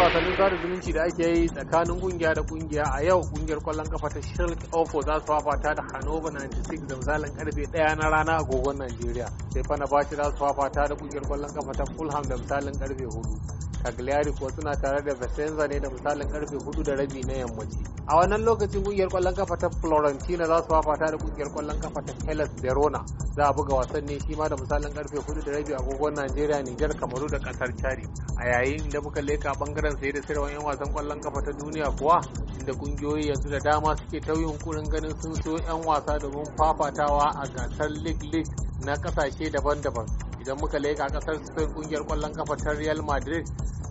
wasannin sada zumunci da ake yi tsakanin kungiya da kungiya a yau kungiyar kwallon kafa ta Shirk Ofo za su fafata da Hannover 96 da misalin karfe 1 na rana a gogon Najeriya sai bashi za su fafata da kungiyar kwallon kafa ta Fulham da misalin karfe hudu. Cagliari kuwa suna tare da Vicenza ne da misalin karfe hudu da rabi na yammaci. A wannan lokacin kungiyar kwallon kafa ta Florentina za su fafata da kungiyar kwallon kafa ta Hellas Verona. Za a buga wasan ne shi ma da misalin karfe hudu da rabi agogon Najeriya, Nijar, Kamaru da kasar Chari. A yayin da muka leka bangaren sai da sayarwa 'yan wasan kwallon kafa ta duniya kuwa inda kungiyoyi yanzu da dama suke ta yunkurin ganin sun so 'yan wasa domin fafatawa a gasar League League na kasashe daban-daban. idan muka leka kasar spain kungiyar kwallon kafa ta real madrid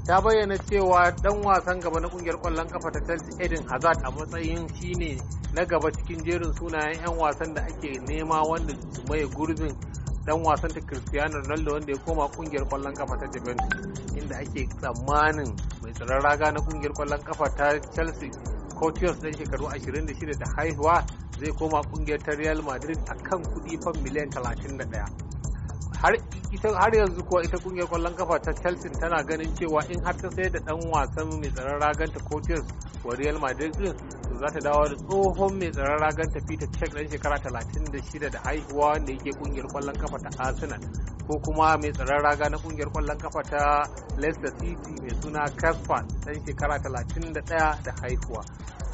ta bayyana cewa dan wasan gaba na kungiyar kwallon kafa ta chelsea eden hazard a matsayin shine na gaba cikin jerin sunayen 'yan wasan da ake nema wanda su maye gurbin dan wasan ta cristiano ronaldo wanda ya koma kungiyar kwallon kafa ta juventus inda ake tsammanin mai tsaron raga na kungiyar kwallon kafa ta chelsea Courtiers dan shekaru 26 da haihuwa zai koma kungiyar ta Real Madrid a kan kuɗi fan miliyan 31. har yanzu kuwa ita kungiyar kwallon kafa ta Chelsea tana ganin cewa in har ta sayar da dan wasan mai tsaron raganta Courtiers wa Real Madrid din za ta dawo da tsohon mai tsaron raganta Peter check dan shekara 36 da haihuwa wanda yake kungiyar kwallon kafa ta Arsenal ko kuma mai tsaron raga na kungiyar kwallon kafa ta Leicester City mai suna Casper dan shekara 31 da haihuwa.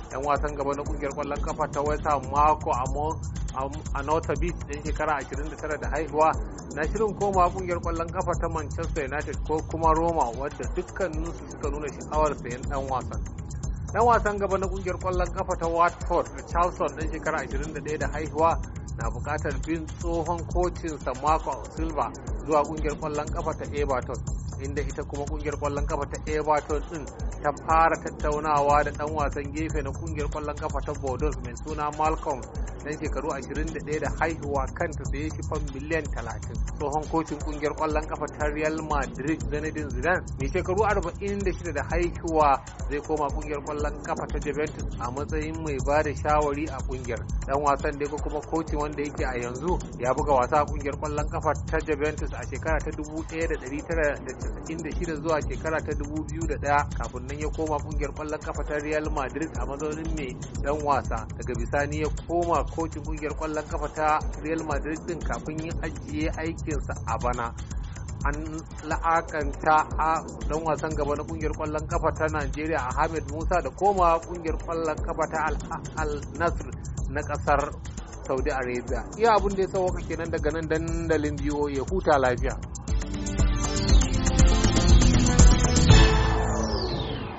Dan wasan gaba na kungiyar kwallon kafa ta West mako Marco a North Beach din shekara 29 da haihuwa na shirin koma kungiyar kwallon kafa ta Manchester United ko kuma Roma wadda su suka nuna sha'awar sayan ɗan wasan. dan wasan gaba na kungiyar kwallon kafa ta Watford Charleston din shekara 21 da haihuwa na bukatar bin tsohon kocinsa Marco Silva zuwa kungiyar kwallon kafa ta Everton inda ita kuma kungiyar kwallon kafa ta Everton din ta fara tattaunawa da dan wasan gefe na kungiyar kwallon kafa ta Bordeaux mai suna Malcolm nan shekaru 21 da haihuwa kanta saye shi fan miliyan 30 tsohon kocin kungiyar kwallon kafa ta Real Madrid Zinedine Zidane mai shekaru 46 da haihuwa zai koma kungiyar kwallon kafa ta Juventus a matsayin mai ba da shawari a kungiyar dan wasan da kuma kocin wanda yake a yanzu ya buga wasa a kungiyar kwallon kafa ta Juventus a shekara ta 1996 zuwa shekara ta 2001 kafin nan ya koma kungiyar kwallon kafa ta Real Madrid a matsayin mai dan wasa daga bisani ya koma kocin kungiyar kwallon kafa ta real madrid din kafin yin ajiye aikinsa a bana an la'akanta a dan wasan gaba na kungiyar kwallon kafa ta Najeriya Ahmed Musa da koma kungiyar kwallon kafa ta Al Nasr na kasar Saudi Arabia. Iya abin da ya sauwaka kenan daga nan dandalin biyu ya huta lafiya.